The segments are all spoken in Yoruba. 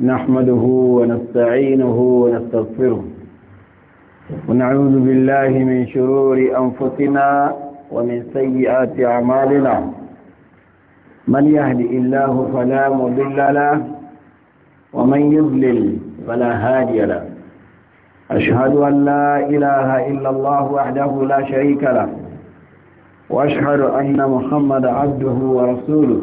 نحمده ونستعينه ونستغفره ونعوذ بالله من شرور أنفسنا ومن سيئات أعمالنا من يهدي الله فلا مضل له ومن يضلل فلا هادي له أشهد أن لا إله إلا الله وحده لا شريك له وأشهد أن محمد عبده ورسوله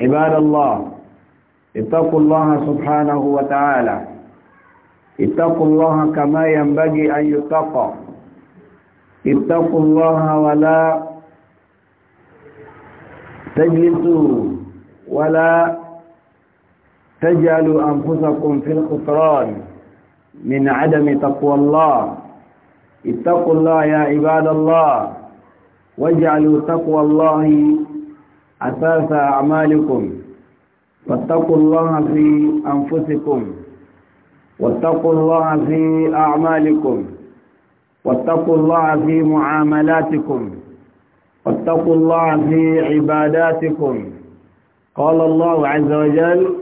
عباد الله اتقوا الله سبحانه وتعالى اتقوا الله كما ينبغي أن يتقى اتقوا الله ولا تجلسوا ولا تجعلوا أنفسكم في الخسران من عدم تقوى الله اتقوا الله يا عباد الله واجعلوا تقوى الله أساس أعمالكم واتقوا الله في أنفسكم واتقوا الله في أعمالكم واتقوا الله في معاملاتكم واتقوا الله في عباداتكم قال الله عز وجل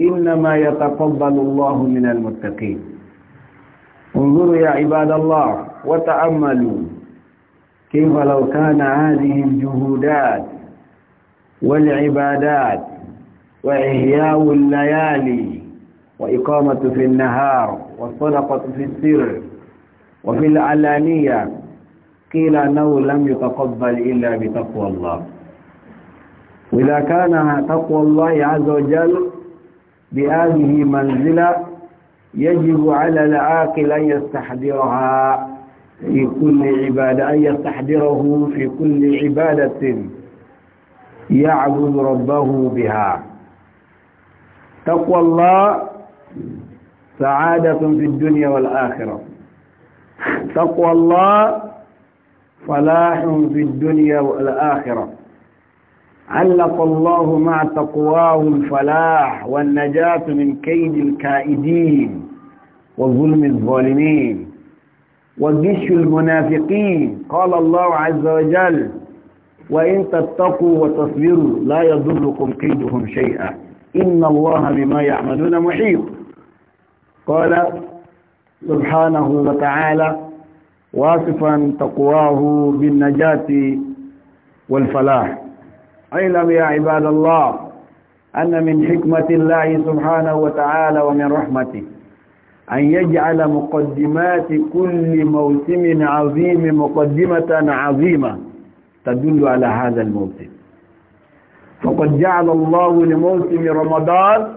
إنما يتقبل الله من المتقين انظروا يا عباد الله وتأملوا كيف لو كان هذه الجهودات والعبادات وإحياء الليالي وإقامة في النهار والصدقة في السر وفي العلانية قيل أنه لم يتقبل إلا بتقوى الله وإذا كان تقوى الله عز وجل بهذه منزلة يجب على العاقل أن يستحضرها في كل عبادة أن يستحضره في كل عبادة يعبد ربه بها تقوى الله سعادة في الدنيا والآخرة تقوى الله فلاح في الدنيا والآخرة علق الله مع تقواه الفلاح والنجاة من كيد الكائدين وظلم الظالمين وغش المنافقين قال الله عز وجل وإن تتقوا وتصبروا لا يضركم كيدهم شيئا إن الله بما يعملون محيط قال سبحانه وتعالى واصفا تقواه بالنجاة والفلاح اعلم يا عباد الله أن من حكمة الله سبحانه وتعالى ومن رحمته أن يجعل مقدمات كل موسم عظيم مقدمة عظيمة تدل على هذا الموسم فقد جعل الله لموسم رمضان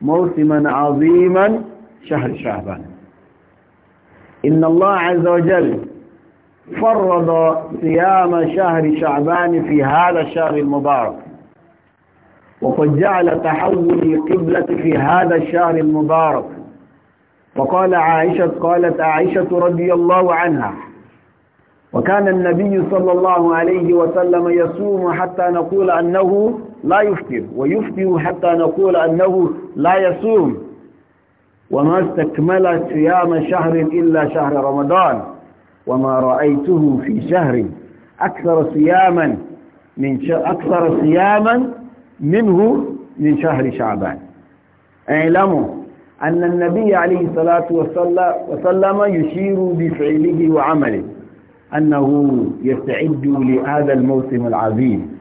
موسما عظيما شهر شعبان إن الله عز وجل فرض صيام شهر شعبان في هذا الشهر المبارك وقد جعل تحول القبلة في هذا الشهر المبارك وقال عائشة قالت عائشة رضي الله عنها وكان النبي صلى الله عليه وسلم يصوم حتى نقول أنه لا يفطر ويفطر حتى نقول أنه لا يصوم وما استكمل صيام شهر إلا شهر رمضان وما رأيته في شهر أكثر صياما من أكثر صياما منه من شهر شعبان اعلموا أن النبي عليه الصلاة والسلام يشير بفعله وعمله أنه يستعد لهذا الموسم العظيم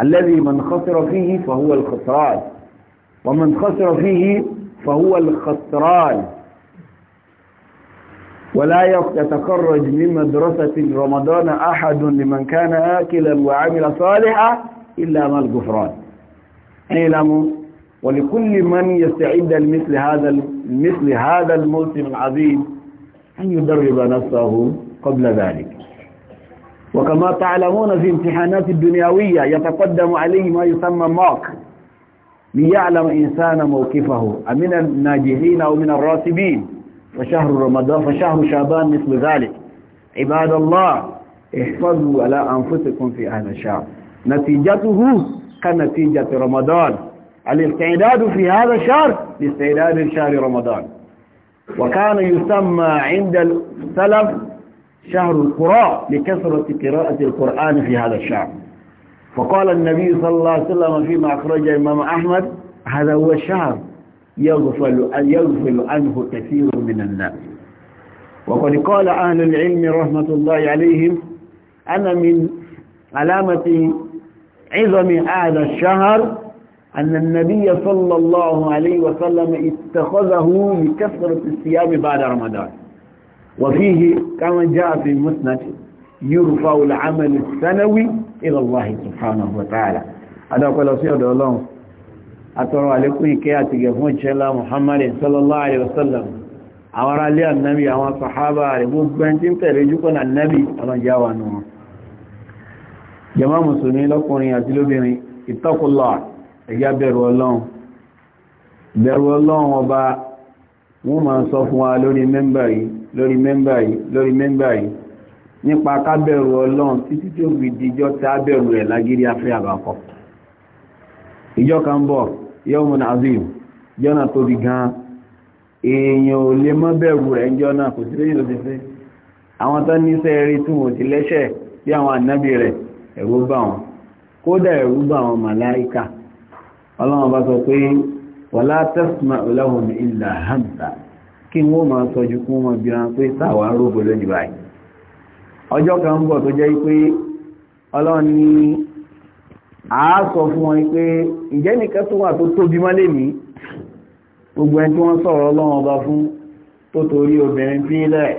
الذي من خسر فيه فهو الخسران ومن خسر فيه فهو الخسران ولا يتخرج من مدرسة رمضان أحد لمن كان آكلا وعمل صالحا إلا ما الغفران أعلم ولكل من يستعد لمثل هذا مثل هذا الموسم العظيم أن يدرب نفسه قبل ذلك وكما تعلمون في امتحانات الدنيوية يتقدم عليه ما يسمى ماك ليعلم إنسان موقفه أمن الناجحين أو من الراسبين فشهر رمضان فشهر شعبان مثل ذلك عباد الله احفظوا على أنفسكم في أهل الشعب نتيجته كنتيجة رمضان الاستعداد في هذا الشهر لاستعداد شهر رمضان وكان يسمى عند السلف شهر القراء لكثرة قراءة القرآن في هذا الشهر فقال النبي صلى الله عليه وسلم فيما أخرج الإمام أحمد هذا هو الشهر يغفل, يغفل عنه كثير من الناس وقد قال أهل العلم رحمة الله عليهم أنا من علامة عظم هذا الشهر أن النبي صلى الله عليه وسلم اتخذه لكثرة الصيام بعد رمضان وفيه كما جاء في مسند يرفع العمل السنوي إلى الله سبحانه وتعالى هذا قال سيدة الله أترى عليكم كيات شاء الله محمد صلى الله عليه وسلم أمر لي النبي أمر صحابة مبين تنترجكم النبي أمر جاوانه جماعة مسلمين لكم يأتلوا بني اتقوا الله يا bẹ̀rù ọlọ́run bẹ̀rù ọlọ́run ọba wọ́n máa sọ fún lórí mẹ́mbà yìí lórí mẹ́mbà yìí nípa kábẹ̀rù ọlọ́run títí tí ó fi tí a bẹ̀rù rẹ̀ lágírí afẹ́ àbákọ́ ìjọ kan bọ̀ mọ̀ jọ́nà gan èèyàn ò lè mọ́ bẹ̀rù rẹ̀ jọ́nà kò sí lẹ́yìn fẹ́ àwọn tó ní rí tún ti lẹ́ṣẹ̀ àwọn ànábì rẹ̀ kódà ẹ̀rú wọn ọlọ́run bá sọ kí wọ́n máa sọjú kún wọn bí wọn pé sáwà ń rògbò lónìí báyìí ọjọ́ kan ń bọ̀ tó jẹ́ pé ọlọ́run ní a sọ fún wọn pé ǹjẹ́ nìkan tó wà tó tóbi mọ́lé ní gbogbo ẹni tí wọ́n sọ̀rọ̀ ọlọ́run ọba fún tó torí obìnrin fílẹ̀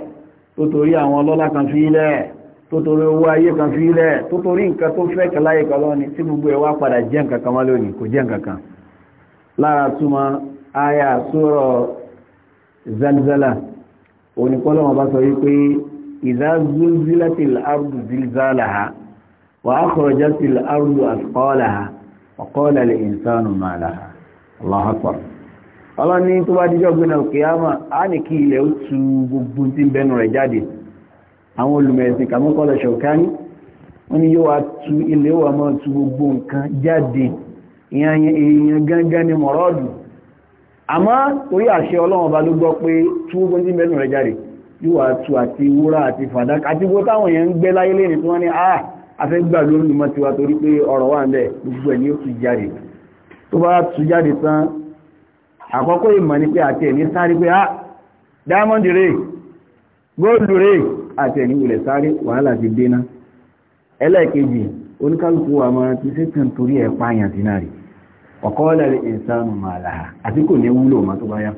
tó torí àwọn ọlọ́lá kan fílẹ̀ tó owó ayé kan fílẹ̀ tó nǹkan tó fẹ́ kan kan lọ́ni tí gbogbo ẹ̀ wá padà jẹ́ nǹkan kan mọ́ lónìí kò jẹ́ nǹkan kan lára túmọ̀ aya sọ̀rọ̀ zalzala onípọ́lọ́ wọn bá sọ wípé ìdá zulzilatil ardu zilzalaha wa akhrajatil ardu asqalaha wa qala al insanu ma laha Allahu akbar ọlọ́run ní tó bá díjọ́ gbẹ́nà kìíyàmà á ní kí ilẹ̀ ó tu gbogbo tí bẹnu rẹ̀ jáde àwọn olùmẹ̀ẹ̀sìn kàmọ́kọ́lọ̀ ṣọ̀kání wọ́n ni yóò wá máa tu gbogbo ìyàn gangan ni mọ̀rọ́dù àmọ́ torí àṣẹ ọlọ́run ọba ló gbọ́ pé túwó tí mẹ́nu rẹ̀ jáde yóò tu àti wúrà àti fàdákà àti gbogbo táwọn èèyàn ń gbé láyé lẹ́ni tí wọ́n ní à ah, afẹ́ gbà lórí mọ́ tiwa torí pé ọ̀rọ̀ wà ń bẹ̀ gbogbo ẹ̀ ni ó tu jáde tó bá tu jáde tán àkọ́kọ́ ìmọ̀ ni pé àti ẹ̀ní sáré pé ah diamond rè góòlù rè àti ẹ̀ní wulẹ̀ sáré wàhálà ti dé ná ẹlẹ́ẹ̀kejì oníkálukú àmọ́ ti ṣe kàn torí ẹ̀ pààyàn rèé ọ̀kọ́ọ́lẹ̀ ìsànù màlá àti kò ní wúlò ma tó bá yá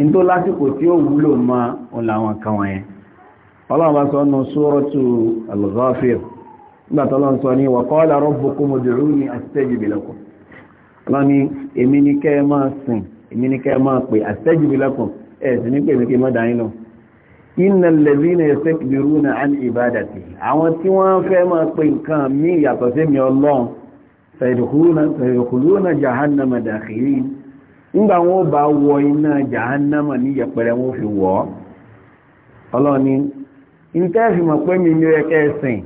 in tó lásìkò tí ó wúlò ma òun làwọn kan wọ̀nyẹn ọlọ́run bá sọ nù suratu al-Ghafir nígbà tó lọ́n sọ ní wa qala rabbukum ud'uni astajib lakum ọlọ́run ní èmi ní kẹ́ ẹ máa sìn èmi ní kẹ́ an ibadati àwọn tí wọ́n fẹ́ máa pè nǹkan mí yàtọ̀ sí mi ọlọ́run fẹ̀yẹ̀kùlúnà jahannama dàkìrí nígbà wọ́n bá wọ iná jahannama ní yẹpẹrẹ wọ́n fi wọ́ ọlọ́ni ìtẹ́ẹ̀fì mọ̀ pé mi ní ẹkẹ́ẹ̀sìn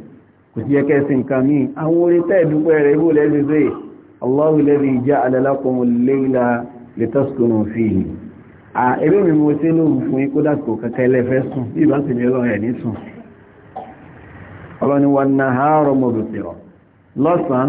kò sí ẹkẹ́ẹ̀sìn kan ní àwọn orí tẹ́ẹ̀dúpẹ́ rẹ̀ ibò lẹ́gbẹ̀ẹ́ Allahu lẹ́bí ìjá alẹ́lákọmọ lẹ́yìnlá lẹ́tọ́sùkùnù fìhì ẹgbẹ́ mi mo tí lóòrùn fún lọ́sàn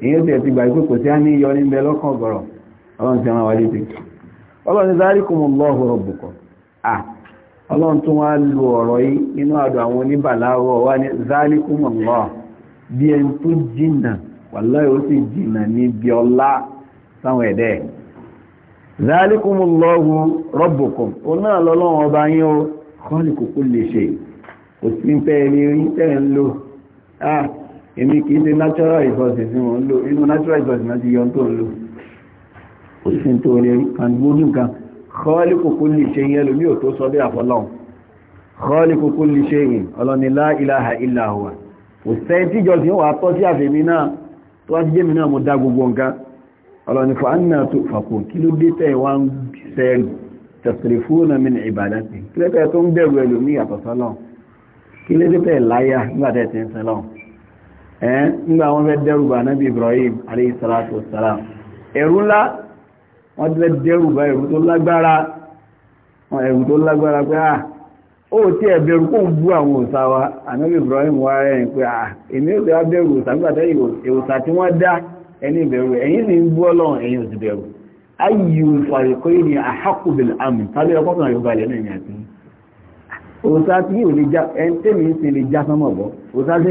èyí tẹ̀ ti gbà pé kò sí á ní yọ níbẹ̀ lọ́kàn ọ̀gọ̀rọ̀ ọlọ́run ti rán wa létí ọlọ́run zalikumullahu rabbukum ah ọlọ́run tún wá lu ọ̀rọ̀ yìí nínú àdó àwọn oníbàláwọ̀ wá ní zalikumullahu bí ẹni èmi kìí ṣe natural resources wọn ń lò inú natural resources náà ti yọ tó ń lò ó sì ń tó rí kan mú nìkan kọ́ọ̀lì kòkó lè ṣe yẹn lómi ò tó sọ bí àfọlọ́hùn kọ́ọ̀lì kòkó lè ṣe yìn ọlọ́nilá ìlàhà ìlàhùwà kò sẹ́yìn tíjọ sí wà tọ́ sí àfẹ́mi náà tó wá ti jẹ́mi náà mo dá gbogbo nǹkan ọlọ́ni fàánà tó fàkó kí ló dé tẹ́ wá ń sẹ́rù tẹ̀sìrìfóònà mi ní ìbàdàn sí kí lẹ́tẹ̀ẹ́ tó ń bẹ̀rù ẹlòmí àtọ̀sọ́lọ́ kí lẹ́tẹ̀ẹ́ láyà nígbàtẹ̀ẹ́ ti ń sẹ́lọ́ọ̀ ẹ́n eh, nígbà wọ́n fẹ́ dẹ́rùbà náà bí Ibrahim alayhi salatu wassalam ẹ̀rù ńlá wọ́n fẹ́ dẹ́rùbà ẹ̀rù tó lágbára ẹ̀rù tó lágbára pé à ah, ó tí ẹ̀ bẹ̀rù kó ń bú àwọn ayyu al ahaqqu bil-amn tàbí ọkọ̀ tó náà yóò balẹ̀ náà ní àtúnyí òsà tí yóò lè já ẹni tẹ́mi ń sin lè já sánmọ̀ bọ́ òsà tí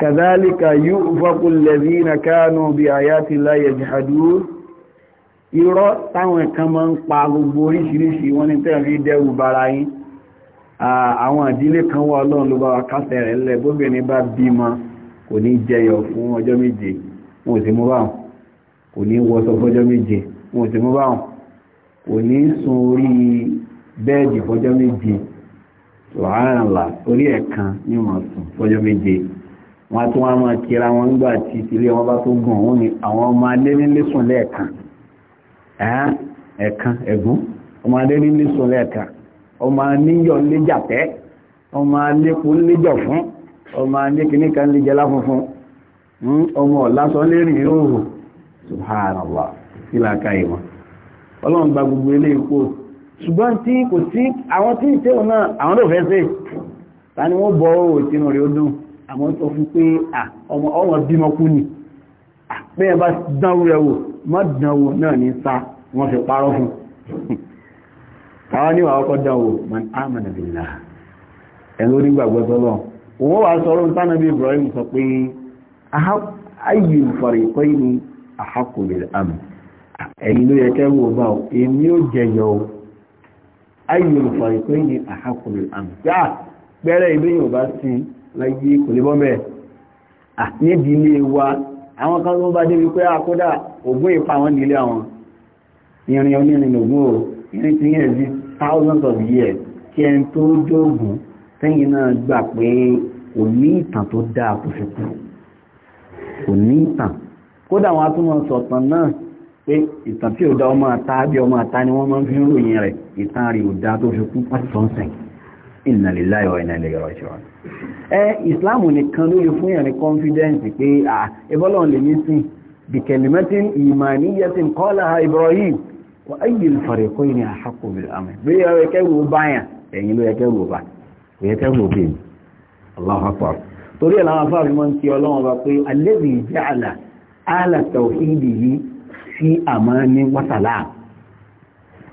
كذلك يؤفق الذين كانوا بآيات الله يجحدون irọ́ táwọn kan máa ń pa gbogbo oríṣiríṣi wọn ní tẹ́ fi dẹ́rù bara yín àwọn àdílé kan wà ọlọ́run ló bá wa kásẹ̀ rẹ̀ lẹ́ bóbìnrin bá bímọ kò ní jẹyọ fún ọjọ́ méje wọn ò sí mú báwọn kò ní wọṣọ fọjọ́ méje wọn ò sí mú báwọn kò ní sun orí bẹ́ẹ̀dì fọjọ́ méje subhanallah orí ẹ̀kan ní wọn sùn fọjọ́ méje wọn tún wá máa kíra wọn ń gbà tí ìtìlẹ̀ wọn bá tó gùn òun ni àwọn ọmọ alẹ́ nílé sùn lẹ́ẹ̀kan ẹ̀ẹ̀kan ẹ̀gún ọmọ alẹ́ nílé sùn lẹ́ẹ̀kan ọmọ níyọ̀ léjà tẹ́ ọmọ alẹ́kù léjọ̀ fún ọmọ alẹ́kìníkan léjẹ láfunfun hmm, ọmọ ọ̀lásọ lérìn yóò subhanallah síláka ìwọ̀n ọlọ́run gba gbogbo ilé ipò ṣùgbọ́n tí kò sí àwọn tí ìtẹ́wọ̀n náà àwọn àmọ́ sọ fún pé ọmọ ọmọ bímọ kú ni bẹ́ẹ̀ bá dánwò rẹ̀ wò má dánwò náà ní sá wọ́n fi parọ́ fún káwọn níwà ọkọ̀ dánwò man amana billah ẹ̀lú onígbàgbọ́ tọ́lọ́ òun wà sọ́rọ̀ tánàbí Ibrahim sọ pé ayé ìfàríkọ́ ìní àhákùnrin àmì àmì láyé kò lè bọ́mẹ̀ níbi ilé wa àwọn kan tó bá débi pé àkódà ògùn ìpa wọn nílé àwọn irin onírin ògùn o irin ti yẹn bí thousands of years kí ẹn tó dóògùn tẹ́yìn náà gbà pé kò ní ìtàn tó dáa kò fi kú kò ní ìtàn kódà wọn tún mọ sọ̀tàn náà pé ìtàn tí ò dá ọmọ àta bí ọmọ àta ni wọ́n máa ń fi ń ròyìn rẹ̀ ìtàn rí ò dá tó fi kú pàtó sọ́nsẹ̀ Inna lillahi wa inna ilayhi ẹ ìsìláàmù nìkan ló lè fún ìrìn confidence pé à ìbọ́lọ̀ lè ní sí bìkẹ̀lìmẹ́tín ìmàníyẹ́tín kọ́lá Ibrahim wà ayé ìfàrẹ̀kọ́ ìrìn àṣàkòbìl àmì bí i ẹ̀rẹ́ kẹ́rù báyàn ẹ̀yìn Allahu ní wàtàlá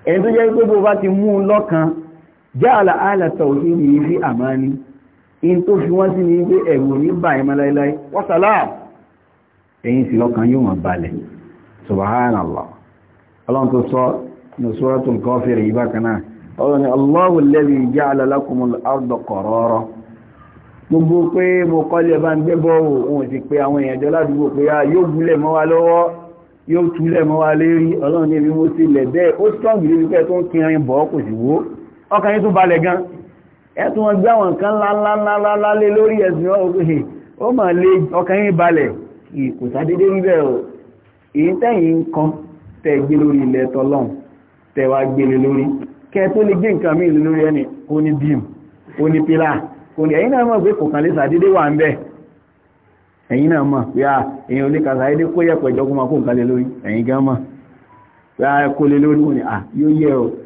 ẹni in tó fi wọ́n sí ní pé ẹ̀rù ní báyìí mọ́ láíláí wọ́sàlá ẹ̀yìn sí lọ́kàn yóò wọ́n balẹ̀ subhanallah ọlọ́run tó sọ ní suratul Kafir yìí bákan náà ọlọ́run ni Allahu alladhi ja'ala lakumul arda qarara gbogbo pé mo kọ́lé bá ń gbébọ́ òun ti pé àwọn ah, yóò gúnlẹ̀ mọ́ wa lọ́wọ́ yóò ọlọ́run ní ibi mo ti lẹ̀ bẹ́ẹ̀ ó strong níbi pé tó ń kiri bọ́ kò sì wó ọkàn tó balẹ̀ gan ẹ̀tún wọn gbá wọn kan lálálálálá lórí ẹ̀sìn ọ̀rọ̀ ó mọ̀ lé ọkàn yín balẹ̀ kò sádédé rí bẹ́ẹ̀ o èyí tẹ́yìn ń kan tẹ́ gbé lórí ilẹ̀ tọ́lọ́n tẹ́ wá gbélé lórí kẹ́ tó lè gbé nǹkan lórí ẹni kó ní bíìm ní pílà ní ẹ̀yìn náà mọ̀ pé kò kàn lè sádédé wà ń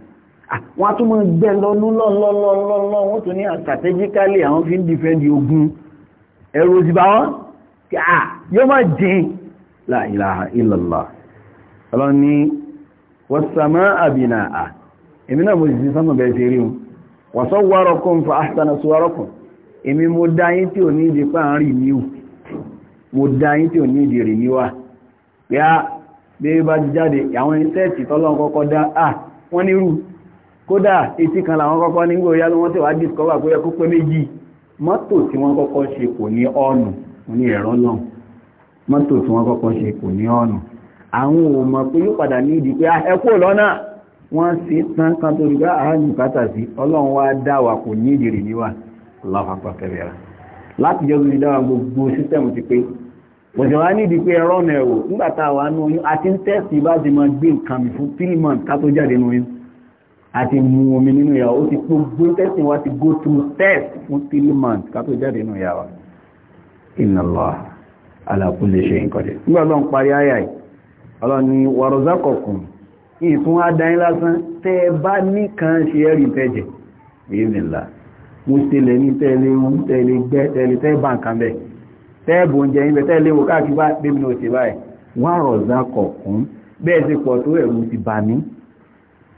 Ah, wọ́n á tún mọ́ gbẹ́ lọ́nú lọ́lọ́lọ́lọ́ wọ́n tún ní ah, strategically àwọn fi ń defend ogun ẹ̀rù òsìbá wọn kí à ah, yóò máa dín la ilaha illallah ọlọ́run ní wọ́sàmá àbìnà à èmi náà mo sì sánmà bẹ̀rẹ̀ sí rí wọn wọ́sọ́ wárọkùn fa ahsana suwárọkùn èmi mo dá yín tí ò ní ìdí páàrin ní mo dá yín tí ò ní ìdí rì níwà pé á bí bá ti jáde àwọn iṣẹ́ ìtọ́lọ́n kọ́kọ́ dá à wọ́n nírú kódà etí kan làwọn kọ́kọ́ nígbò yá ló tí wà discover pé ẹkú pé méjì mọ́tò tí wọ́n kọ́kọ́ ṣe kò ní ọ̀nù ní ẹ̀rọ náà mọ́tò tí wọ́n kọ́kọ́ ṣe kò ní ọ̀nù àwọn ò pé yóò padà ní ìdí pé ah, ẹkú lọ́nà wọ́n sì tán kan tó dùgbà ah, kátà sí ọlọ́run ní ìdí pé a àti mú omi nínú ìyàwó ó ti gbogbo tẹ́sìn wá ti go through test fún tilman kátó jáde nínú ìyàwó inna Allah ala kulli shay'in qadir nígbà lọ́n parí ayà yìí ọlọ́run ni warzaqakum ìfún adáyín lásán tẹ́ bá nìkan ṣe ẹ̀rì tẹ́jẹ̀ ìrìnlá mo tẹ́lẹ̀ ní tẹ́lẹ̀ ohun tẹ́lẹ̀ gbẹ́ tẹ́lẹ̀ tẹ́ bá nǹkan bẹ̀ tẹ́ẹ̀bù oúnjẹ yín bẹ̀ tẹ́lẹ̀ wò káàkiri bá bẹ́mi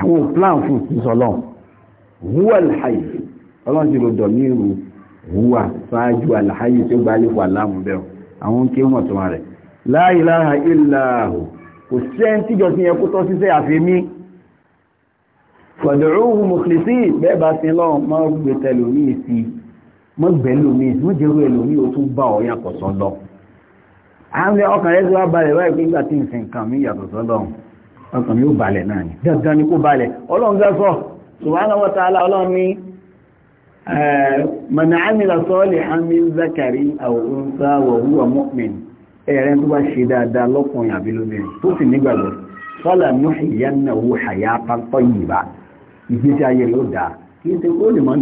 àwọn plan fún ìsọlọ́n huwa alhayi ọlọ́n ti rọ̀dọ̀ ní ìrù huwa sáájú alhayi tí ó gba alẹ́ wà láàmú bẹ́ẹ̀ àwọn kí wọ́n tó rẹ̀ la ilaha illa hu kò sẹ́ń tíjọ sí yẹn kó tọ́ sí sẹ́ àfi mí fad'uhu mukhlisin bẹ́ẹ̀ bá sin lọ́wọ́ mọ́ gbé tẹlòmíì sí mọ́ gbẹ́lòmíì mọ́ jẹ́rú ẹlòmíì ó tún bá ọ yàtọ̀ sọ́lọ́ àwọn ọkàn rẹ̀ ti ọkàn mi ò balẹ̀ náà ni dandan ni kó balẹ̀ ọlọ́run sẹ́sọ̀ subhanahu wa ta'ala ọlọ́run ní eh, man 'amila salihan min zakarin aw unsa wa huwa mu'min ẹ̀rẹ́ tó bá ṣe dáadáa lọ́kùnrin àbí lóbìnrin tó sì nígbàgbọ́ sọ́là nuhyiyannahu hayatan tayyiba ìgbésí ayé rẹ̀ ó dáa kí n ti kó lè máa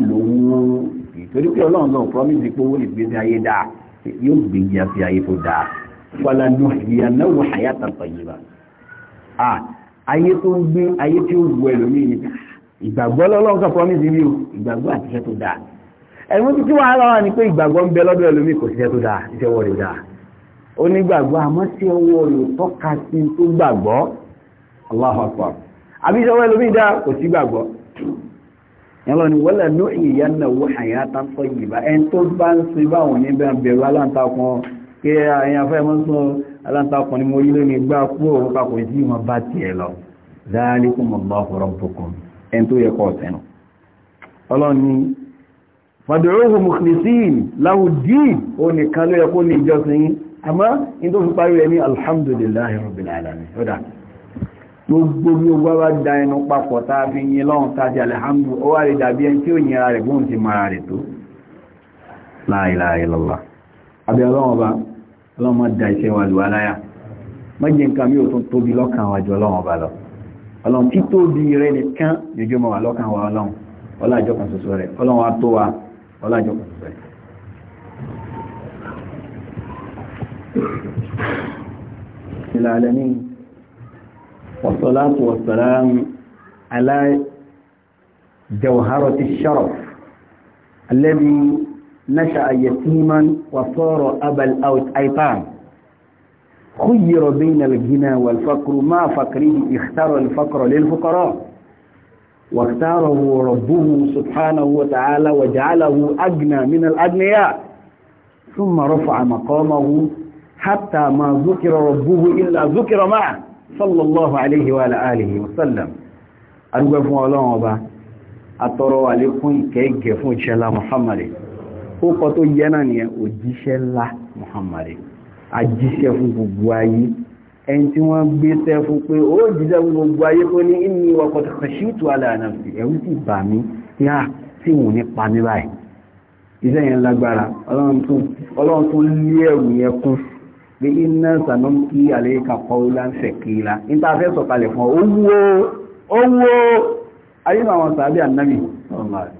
lò ayé tó ń gbé ayé tí ó wù ẹlòmíì ni ìgbàgbọ́ lọ́lọ́run kan promise mi o ìgbàgbọ́ àti iṣẹ́ tó dáa ẹ̀wọ́n títí wàá lọ́wọ́ ni pé ìgbàgbọ́ ń bẹ lọ́dọ̀ ẹlòmíì kò síṣẹ́ tó dáa iṣẹ́ wọ̀ rẹ̀ dáa ó ní gbàgbọ́ àmọ́ sí ọwọ́ rẹ̀ tọ́ka sí tó gbàgbọ́ Allahu Akbar àbí iṣẹ́ ọwọ́ ẹlòmíì dáa kò sí gbàgbọ́ yàrá ni wọ́n lẹ̀ aláǹtakùn ni mo rí lónìí gbá kú òun papọ̀ sí ìwọ̀n bá tiẹ̀ lọ dáálíkùn mọ̀lá ọ̀rọ̀ bùkún ẹni tó yẹ kọ́ ọ̀sẹ̀nu ọlọ́ni fàdúróhù mùsùlùmí láwùdí ó nìkan ló yẹ kó ní ìjọsìn yìí àmọ́ in tó fi parí rẹ̀ ní alhamdulillahi rabbil alamin ọ̀dà gbogbo bí bá ọlọ́mọ da iṣẹ́ wa lù aláyà mọ́jẹ nǹkan mi ò tún tóbi lọ́kàn wa jọ ọlọ́run ọba lọ ọlọ́run tí tóbi rẹ nìkan jẹjọ́ mọ́ wa lọ́kàn wa ọlọ́run ọlájọ́ kan ṣoṣo rẹ ọlọ́run tó wa ọlájọ́ kan ṣoṣo rẹ. العالمين والصلاة والسلام على جوهرة الشرف الذي نشأ يتيما وصار أبا ايتام خير بين الغنى والفقر ما فقره اختار الفقر للفقراء واختاره ربه سبحانه وتعالى وجعله أجنى من الأغنياء ثم رفع مقامه حتى ما ذكر ربه إلا ذكر معه صلى الله عليه وعلى آله وسلم أرجو فون الله أبا أتروا عليكم كيف فون محمد ókọ tó yẹ náà nìyẹn òjíṣẹ́ ńlá muhammadu ajíṣẹ́ fún gbogbo ayé ẹni tí wọ́n gbéṣẹ́ fún pé ó jíṣẹ́ fún gbogbo ayé tó ní inú ọkọ̀ tó ṣí ìtù aláàánà sí ẹ̀rú sì bà mí yá tí wọ́n ní pa mí báyìí iṣẹ́ yẹn lágbára ọlọ́run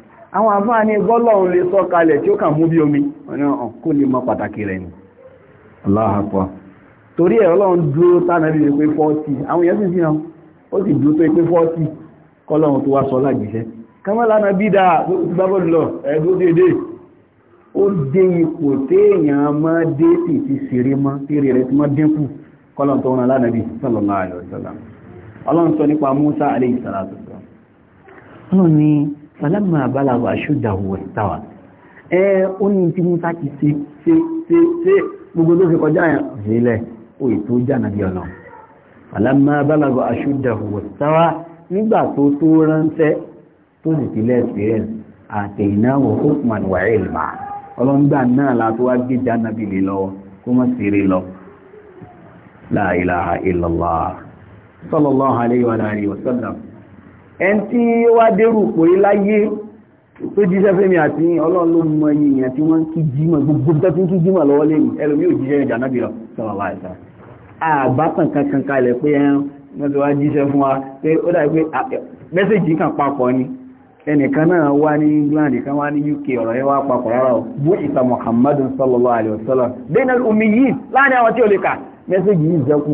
àwọn àfáà ní gọ́lọ̀un lè sọ kalẹ̀ tí ó kàn mú bí omi ọ̀nà ọ̀kú ní mọ́ pàtàkì rẹ̀ ni aláhàpá torí ẹ̀ ọlọ́run dúró tánàbí rẹ̀ pé 40 àwọn èèyàn sì sí hàn ó sì dúró tó pé 40 kọ́lọ̀run tó wá sọ lágbìṣẹ́ kamọ́lánà bídá gbábọ́dùlọ ẹ̀dún dédé ó dé ipò téèyàn mọ́ dé sì ti ṣeré mọ́ tí rẹ̀ rẹ̀ ti mọ́ dínkù kọ́lọ̀run tó rán lánàbí sallallahu alaihi wasallam ọlọ́run sọ nípa Musa alayhi salatu ọlọ́run ni falamma balagha ashuddahu wastawa ẹ ó ní tí musa ti ṣe ṣe ṣe ṣe gbogbo tó fi kọjá yẹn sílẹ̀ ó ètò jànà bí ọ̀nà falamma balagha ashuddahu wastawa nígbà tó tó ránṣẹ́ tó sì ti lẹ́sìrẹ́n àtẹ̀yìnáwó hukman wa ilma ọlọ́ngbà náà látó wá gbé jànà bí lè lọ kó mọ́ sí rí lọ la ilaha illallah sallallahu alayhi wa alihi wa sallam ẹn tí ó wá dérù pé láyé tó jíṣẹ́ fẹ́mi àti ọlọ́run ló mọ èèyàn tí wọ́n kí jímọ̀ gbogbo tó ti ń kí jímọ̀ lọ́wọ́ lẹ́yìn ẹlòmí ò jíṣẹ́ ìjà náà bí lọ sọ̀rọ̀ láì sá àbátàn kankan kalẹ̀ pé ẹn wọ́n ti wá jíṣẹ́ fún wa pé ó dàbí pé mẹ́sẹ̀jì kan papọ̀ ni ẹnìkan náà wá ní England kan wá ní UK ọ̀rọ̀ yẹn wá papọ̀ rárá o bú ìta Muhammadun sallallahu alaihi wasallam bainal ummiyin láàrin àwọn tí ó lè kà mẹ́sẹ̀jì yìí zẹ́kù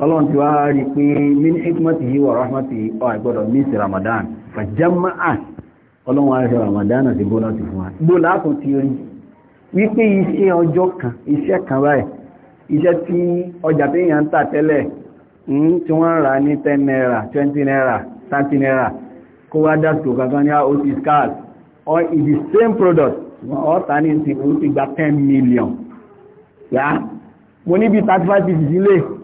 ọlọ́run ti wá rí pé min hikmatihi wa rahmatihi ọ àìgbọ́dọ̀ ní sí ramadan fàjámáà ọlọ́run aṣọ ramadan àti bónọ́sì fún wa gbó látún ti rí wípé iṣẹ́ ọjọ́ kan iṣẹ́ kan báyìí iṣẹ́ tí ọjà tí èèyàn ń tà tẹ́lẹ̀ hmm, tí wọ́n rà ní ten naira twenty naira thirty naira kó wá dàsìkò kankan ní ot ah, scars or in the same product wọ́n ta ní ìsìnkú ti gba ten million yá mo níbi thirty five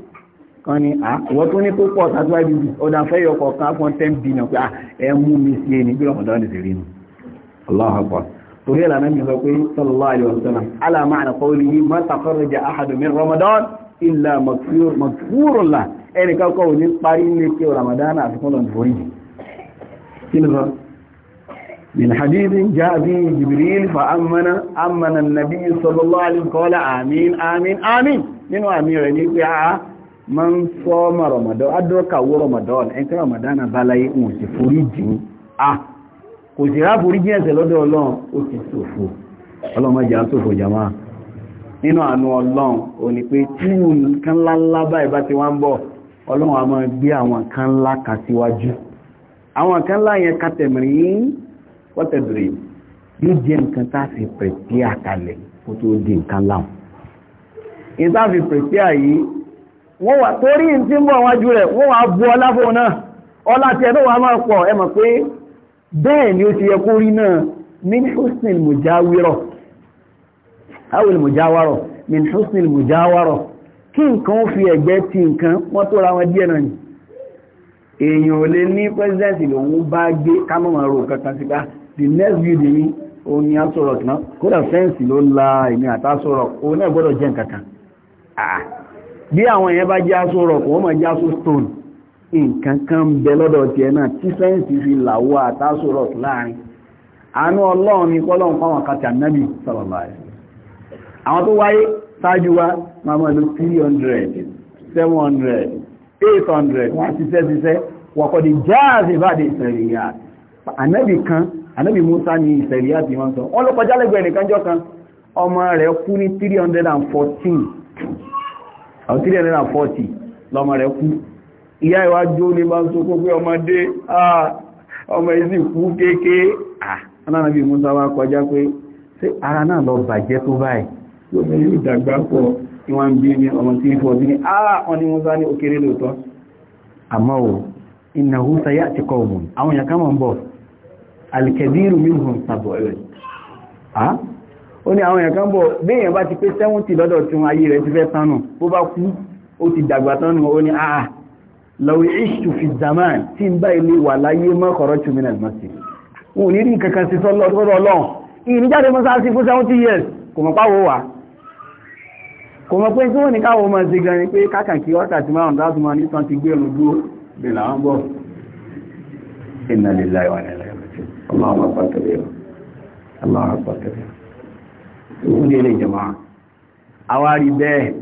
wọ́n ni à ah, wọ́n tún ní púpọ̀ sátúwá ibi ọdá fẹ́ yọ kọ̀ọ̀kan fún 10 billion pé ah, ẹ mú mi sí ẹni bí ọmọdé wọn ti rí nù aláhàpọ̀ torí ẹ̀lá náà sọ pé sallallahu alaihi wasallam ala ma'na qawlihi ma tafarraja ahadu min ramadan illa maghfurullah ẹni kọ́kọ́ ò ní parí ní kí ramadan àfikún lọ forí من حديث جاء فيه جبريل فأمن أمن النبي صلى الله عليه وسلم قال آمين آمين آمين من آمين يعني في man sọ́mọ̀ ramadan adọ́kàwó ramadan ẹnkẹ́ ramadan balaye wọn sì forí jìn á kò sì rá forí jìn ẹ̀ṣẹ̀ lọ́dọ̀ ọlọ́run ó ti ṣòfò ọlọ́mọjà ṣòfò jama nínú àánú ọlọ́run ò ní pé tí nǹkan ńláńlá báyìí bá ti wá ń bọ̀ ọlọ́run a máa gbé àwọn kan ńlá kà síwájú àwọn kan ńlá yẹn kàtẹ̀mìrì wọ́tẹ̀dìrì yóò jẹ́ nǹkan tá a fi pẹ̀tí àkàlẹ̀ kó tó di nǹkan láwọn ìtàfi pẹ̀tí àyí wọ́n wà torí tí ń bọ̀ wájú rẹ̀ wọ́n wà bú ọlá fún náà ọlá tí ẹ̀dọ́ wà máa pọ̀ ẹ pé bẹ́ẹ̀ ni ó ti yẹ kó rí náà min mujawiro awil mujawaro min husnil mujawaro kí nǹkan ó fi ẹ̀gbẹ́ ti nǹkan wọ́n tó ra wọn díẹ̀ náà ni èèyàn ò lè ní pẹ́sidẹ́ntì lòun bá gbé kámọ́mọ́ kankan síta ah, the next view di ní òun ni a sọ̀rọ̀ kan kódà fẹ́ǹsì ló la èmi àtà sọ̀rọ̀ òun náà jẹ́ nǹkan kan ah, bí àwọn èèyàn bá jẹ́ aṣọ rọ̀kùn wọ́n mọ̀ jẹ́ aṣọ stone nǹkan kan ń bẹ lọ́dọ̀ tí ẹ náà tí sẹ́ǹsì fi làwọ́ àtàṣọ rọ̀k láàrin àánú ọlọ́run ní kọ́lọ́run fáwọn àkàtì ànábì sallallahu alaihi wasallam àwọn tó wáyé sáájú wa máa mọ̀ ló 300 700 800 wọ́n ti sẹ́ sisẹ́ wọ̀kọ̀ di jáàzì ìbáde ìsẹ̀ríyà ànábì kan ànábì Musa ní ìsẹ̀ríyà ti wọ́n sọ wọ́n ló kọjá lẹ́gbẹ̀ẹ́ nìkan jọ kan ọmọ rẹ̀ kú ní 314 àwọn 340 lọmọ rẹ̀ kú ìyá ìwájú ní bá ń sókó pé ọmọdé ah, ọmọ ìsì kú kéèké ànánàbí ah, Musa wá kọjá pé sí ara náà lọ bàjẹ́ tó báyìí yóò mẹ́rin ìdàgbà pọ̀ ìwọ̀n bí ah, ní ọmọ 340 ní ara wọn ni Musa ní òkèrè lóòtọ́ àmọ́ ò ìnáwó sayá ti kọ òmùn àwọn èèyàn kámọ̀ ń bọ̀ alìkẹ̀dírù mílùú sàbọ̀ ẹ̀rẹ̀ ó ní àwọn èèyàn kan bọ̀ béèyàn bá ti pé 70 lọ́dọ̀ tí wọn ayé rẹ̀ ti fẹ́ tánù bó bá kú ó ti dàgbà tánù ó ní àà ah, law ishtu fi zaman tí ń bá ilé wà láyé ma kharajtu min al-masjid wọn ò ní rí kankan sí sọ́lọ́ tọ́rọ ọlọ́run ìrìn jáde mọ́sáàsì fún 70 years kò mọ̀ páwọ́ wà kò mọ̀ pé tí wọ́n ní káwọ́ máa ṣe gan ni pé kákàkì ọ́tà ti márùn dáàtù máa nítan ti gbé ẹnu dúró bèèrè àwọn bọ̀ inna lillahi wa inna ilaihi raji'un Allahu akbar kabira Allahu akbar kabira ìwúlé ilé ìjọba àwárí bẹ́ẹ̀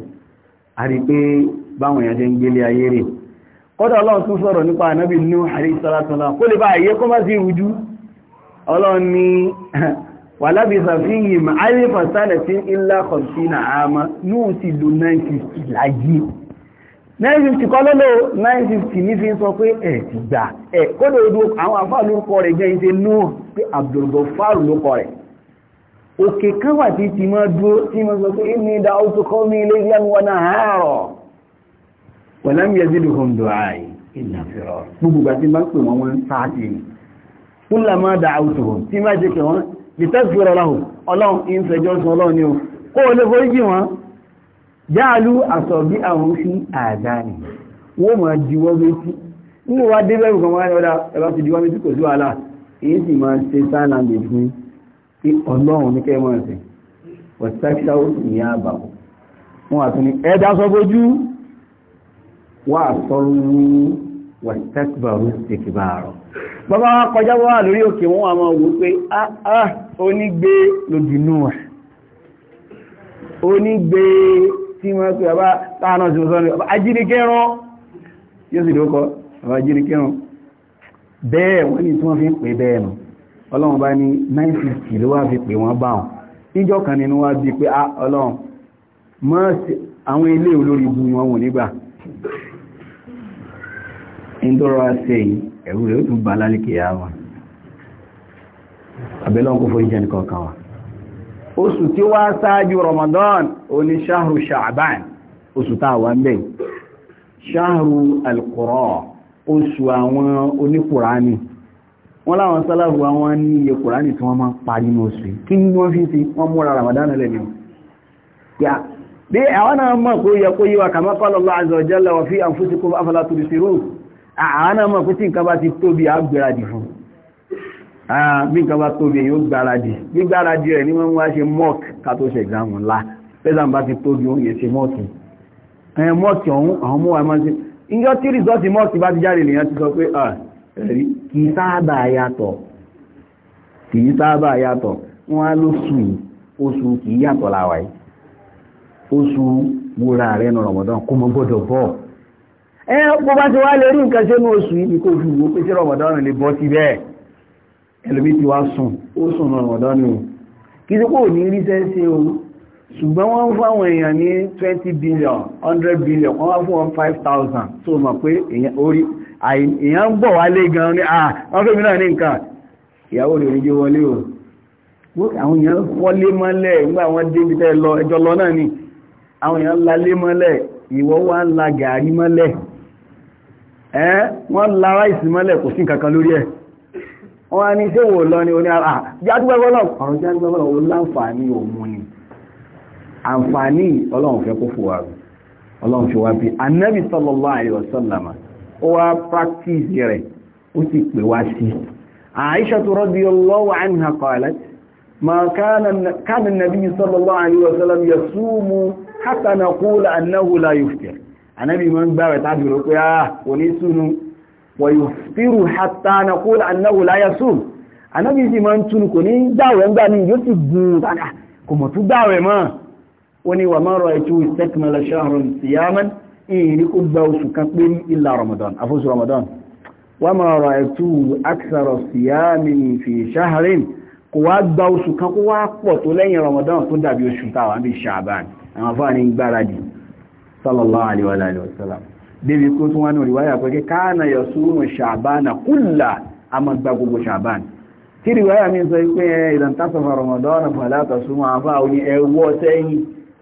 a rí pé báwọn èèyàn jẹ́ ń gbélé ayé rẹ̀ kọ́dọ̀ ọlọ́run tún sọ̀rọ̀ nípa ànábì Nuh alayhi salatu wasalam kó lè bá ayé kó má sí ìrújú ọlọ́run ni ama Nuh sì 950 láyé 950 kọ́ 950 ní fi ń sọ ti gbà ẹ̀ kọ́dọ̀ odò àwọn àfáà òkè kan wà tí ti máa dúró tí máa sọ pé inú ìdá òtù kọ́ ní ilé ìyànwọ́ náà àárọ̀ wọ̀n lámì ẹ̀sìn lùkùn dùáì ìlàfẹ́rọ̀ gbogbo ìgbà tí máa pè wọ́n wọ́n sáàtì fún làmá dà òtù hùn tí ni ó kó o lè forí jì wọ́n jáàlú àsọ̀ bí àwọn fi àdáni wọ́n máa diwọ́ méjì nínú wa débẹ̀rù kan wọ́n á ní sáà tí ọlọ́run ní kẹ́ mọ́ọ̀sì wọ̀tíṣáṣáwó ní àbàwọ̀ wọn àtún ní ẹ̀dá sọ́bójú wà sọ́rú wọ̀tíṣáṣbàrú ìkìbàrọ̀ bàbá wa kọjá wà lórí òkè wọn a máa wò pé ah, ah onígbé lójúnú wà onígbé tí wọ́n pè bá táànà sí ọ̀sán ajínikẹ́rọ yóò sì lókọ bàbá ajínikẹ́rọ bẹ́ẹ̀ wọ́n ni tí wọ́n fi ń pè bẹ́ẹ̀ náà ọlọ́run bá ní 950 ló wá fi pè wọ́n bá wọn níjọ́ kan nínú wá bí pé ah, ọlọ́run mọ́ àwọn ilé olórí ibu wọn wò nígbà ìdọ́rọ̀ àṣẹ yìí ẹ̀rù rẹ̀ ó tún bá lálẹ́kì yá wọn àbẹ́lọ́n kó fóyí jẹ́nìkan kan wà oṣù tí wá sáájú Ramadan oní ṣáhùrù ṣàbán oṣù táwà ń bẹ̀ ṣáhùrù alkùrọ̀ oṣù àwọn oníkùránì wọ́n láwọn sálàrù àwọn ní iye kùránì tí wọ́n máa ń parí ní oṣù kí ní wọ́n fi sí wọ́n múra ramadan lẹ́nu yà bí àwọn náà mọ̀ kó yẹ kó yíwa kàmá kọ́lọ̀lọ́ àzọ̀jẹ́lẹ̀ wọ́n fi àǹfúsíkó afẹ́lá tó fi rú àwọn náà mọ̀ kó tí nǹkan bá ti tóbi àgbèrèdì fún bí nǹkan bá tóbi yóò gbáradì bí gbáradì rẹ̀ ní wọ́n wá ṣe mọ́ọ̀k ká tó ṣe exam ńlá pẹ́sàn bá ti tóbi oúnjẹ ṣe mọ́ọ̀kì ẹ̀rí kì í sáábà yàtọ̀ kì í sáábà yàtọ̀ wọ́n á ló sùn oṣù kì í yàtọ̀ láwàá yìí oṣù wúra rẹ̀ nù rọ̀mọ̀dán kó mọ gbọ́dọ̀ bọ̀ ẹ bó bá ti wá lè rí nǹkan ṣe ní oṣù yìí ni kò fi wò pé ṣé rọ̀mọ̀dán lè bọ́ sí bẹ́ẹ̀ ẹlòmí ti wá sùn ó sùn o kì o ṣùgbọ́n wọ́n ń fáwọn èèyàn ní twenty billion hundred billion wọ́n wá fún wọn tó mọ̀ pé èèyàn orí èèyàn ń bọ̀ wálé gan ní à ah, wọ́n fẹ́ mi náà ní nǹkan ìyàwó rẹ̀ oníjẹ́ wọlé o àwọn èèyàn wọlé mọ́lẹ̀ nígbà wọ́n débi tẹ́ lọ ẹjọ́ lọ náà ni àwọn èèyàn lalé mọ́lẹ̀ ìwọ wá ń la gàárì mọ́lẹ̀ ẹ́ wọ́n la ráìsì mọ́lẹ̀ kò sí kankan lórí ẹ̀ wọ́n á ní ṣé wò lọ ni oní ara ah, jádúgbẹ́gbọ́lọ̀ ọ̀rọ̀ jádúgbẹ́gbọ́lọ̀ ó láǹfààní òun ni àǹfààní ọlọ́run fẹ́ kó fò wá ọlọ́run fi wá bí anábì sallallahu alaihi wasallam ó wá practice rẹ̀ ó sì pè wá sí Aisha radiyallahu anha qalat ما كان كان النبي صلى الله عليه وسلم يصوم حتى نقول انه لا يفطر النبي من باوي تعبير يا ونسن ويفطر حتى نقول انه لا يصوم النبي sì man tun kò ní gbààwẹ̀ ngba ni yó ti gun kò mọ̀ tún ìrí kó gba oṣù kan pé ilà Ramadan afóṣù Ramadan wà máa rọ̀ ẹ̀tù akṣàrọ̀ síyámin fi ṣáharin kò wá gba oṣù kan kó wá pọ̀ tó lẹ́yìn Ramadan tó dàbí oṣù táwà bí ṣàbán àwọn afáàní gbáradì sallallahu alaihi wa sallam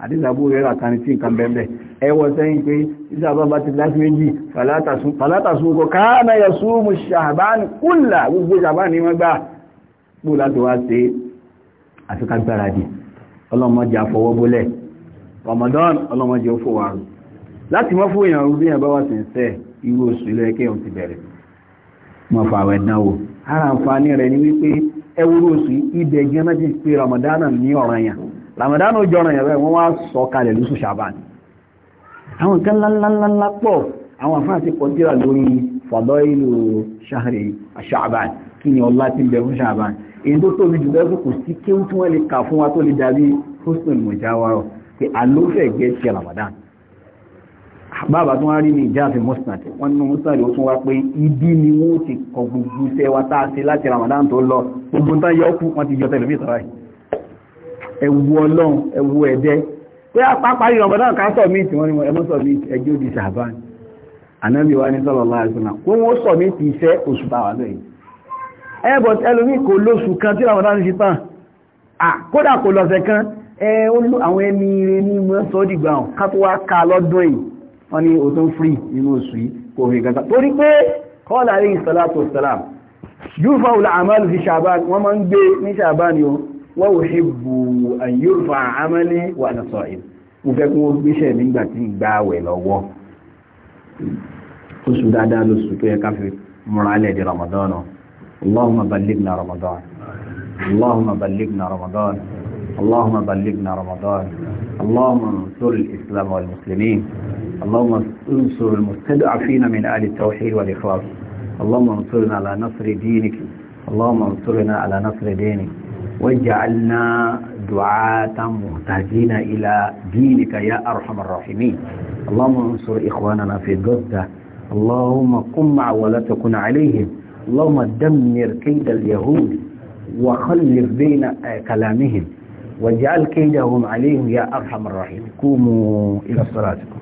àdísàbò rẹ̀ àkàrin tí nǹkan bẹ̀ẹ̀bẹ̀ ẹwọ sẹ́yìn pé ìsàbá bá ti láti méjì fàlátàsún kọ káàmà yà súnmù ṣàbán kúlà gbogbo ṣàbán ní wọ́n gbà pò láti wá sí àfikágbáradì ọlọ́mọdé àfọwọ́bólẹ̀ Ramadan ọlọ́mọdé ó fòwárù láti mọ́ fún èèyàn rú bí ẹ̀bá wà sí ṣẹ́ irú oṣù ilẹ̀ kí ẹ̀hùn ti bẹ̀rẹ̀ mọ́ fà wẹ̀ ni wípé ramadan ó jọrọ yẹn wọ́n wá sọ kalẹ̀ lóṣù ṣàbán àwọn nǹkan ńláńláńlá pọ̀ àwọn àfáà ti kọ tíra lórí fọ̀dọ́ ìlú ṣàhàrì ṣàbán kí ni ọlá ti bẹ fún ṣàbán èyí tó tóbi jù lẹ́kùn kò sí kí tí wọ́n lè kà fún wa tó lè dàbí hostel mojawaro pé àlófẹ́ ẹ̀wù ọlọ́run ẹ̀wù ẹ̀dẹ́ pé apápá yìí ọmọdé kan submit wọn ni ẹmọ́ submit ẹjọ́ di sàbán ànábì wa ní sallallahu alaihi wasallam kó wọ́n submit iṣẹ́ oṣù bá wà lẹ́yìn ẹbọ̀t ẹlòmí kò lóṣù kan tí ọmọdé ń ṣe tán kódà kò lọ́sẹ̀ kan àwọn ẹni rẹ ní mọ́ sọ́dìgbà ká tó wá ká lọ́dún yìí wọ́n ní o tó ń free nínú oṣù yìí kò fi gata torí pé kọ́ọ̀lá rí salatu wassalam yúfà ul a'mal fi ṣàbán wọ́n máa ń gbé ní ṣàbán ni o وأحب أن يرفع عملي وأنا صائم وفيكم بشيء من باتين باوي لو خصو دادا لسوكي كافي مرالي دي رمضان اللهم بلغنا رمضان اللهم بلغنا رمضان اللهم بلغنا رمضان اللهم انصر الإسلام والمسلمين اللهم انصر المستضعفين من اهل التوحيد والإخلاص اللهم انصرنا على نصر دينك اللهم انصرنا على نصر دينك واجعلنا دعاة مهتدين إلى دينك يا أرحم الراحمين اللهم انصر إخواننا في غزة اللهم قم ولا تكن عليهم اللهم دمر كيد اليهود وخلف بين كلامهم واجعل كيدهم عليهم يا أرحم الراحمين قوموا إلى صلاتكم